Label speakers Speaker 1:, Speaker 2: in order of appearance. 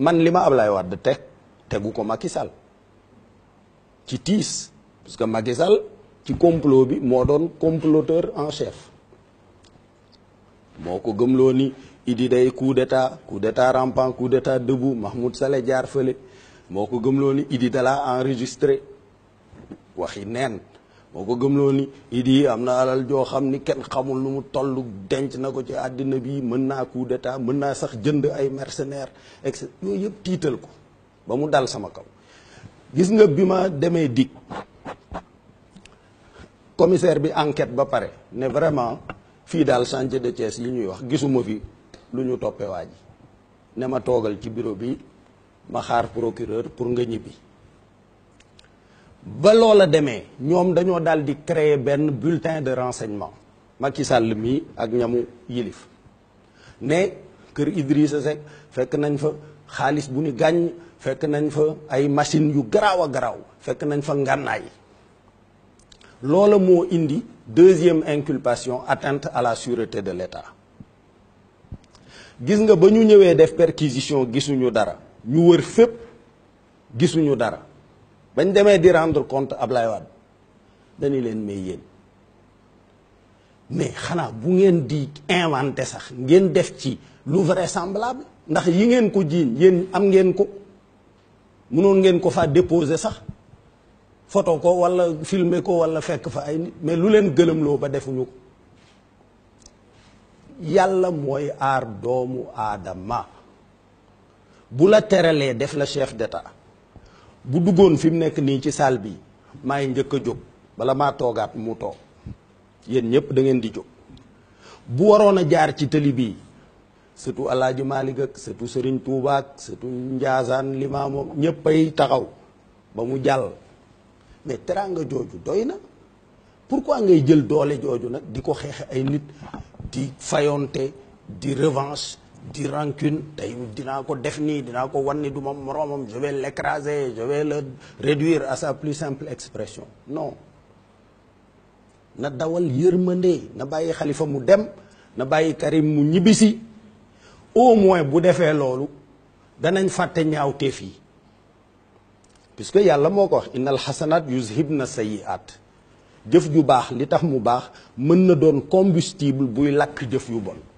Speaker 1: man lima ablay wad tek tegu ko makissal ci tis parce que makissal ci complot bi mo don comploteur en ah, chef moko gemlo ni idi day coup d'état coup d'état rampant coup d'état debout mahmoud salé jar fele moko gemlo ni idi dala enregistré ah, waxi nene moo ko gëmloo ni Idi am na alal joo xam ni kenn xamul lu mu tollu denc na ko ci àddina bi mën naa coup d'état mën naa sax jënd ay mercenaire et yooyu yëpp tiital ko ba mu dal sama kaw gis nga bi ma demee dikk commissaire bi enquête ba pare ne vraiment fii daal chantier de Thiès yi ñuy wax gisuma fi lu ñu toppee waa ji ne ma toogal ci bureau bi ma xaar procureur pour nga ñibbi ba loola demee ñom dañu dal di créer benn bulletin de renseignement Macky Sall mii ak ñamu yilif ne kër Idrissa Seck fekk nañ fa xaalis bu ni gàññ fekk nañ fa ay machine yu graw graw garaaw fekk nañ fa ngànnaay loola mo indi deuxième inculpation atteinte à la sûreté de l'État gis nga ba ñu ñëwé def perquisition gisunu dara ñu wër fep gisunu dara bañ demee di rendre compte Ablaye Wade dañu leen may yéen mais xanaa bu ngeen di inventé sax ngeen def ci lu vraisemblable ndax yi ngeen ko jiiñ yéen am ngeen ko mënoon ngeen ko faa déposé sax photo ko walla filmer ko walla fekk fa ay nit mais lu leen gëlëmloo ba defuñu ko yàlla mooy aar doomu aadama bu la teralee def la chef d'état bu duggoon fi mu nekk nii ci salle bi maay njëkk a jóg bala maa toogaat mu toog yéen ñëpp da ngeen di jóg bu waroon a jaar ci tëli bii surtout Alaaji Maalik ak surtout Serigne Touba ak surtout Ndiassane Limaamu ñëpp ay taxaw ba mu jàll mais teraanga jooju doy na pourquoi ngay jël doole jooju nag di ko xeexe ay nit di fayonte di revanche Du rancune je ko je vais l'écraser je vais le réduire à sa plus simple expression non na dawal yermande, na baye le mu dem na baye Karim mu ñibisi. au moins bu defee loolu danañ faté ñaawté fi. puisque yàlla moo ko wax innal hasanat yuzhibna sayiat. jëf ju baax li tax mu baax combustible buy lakk jëf yu bon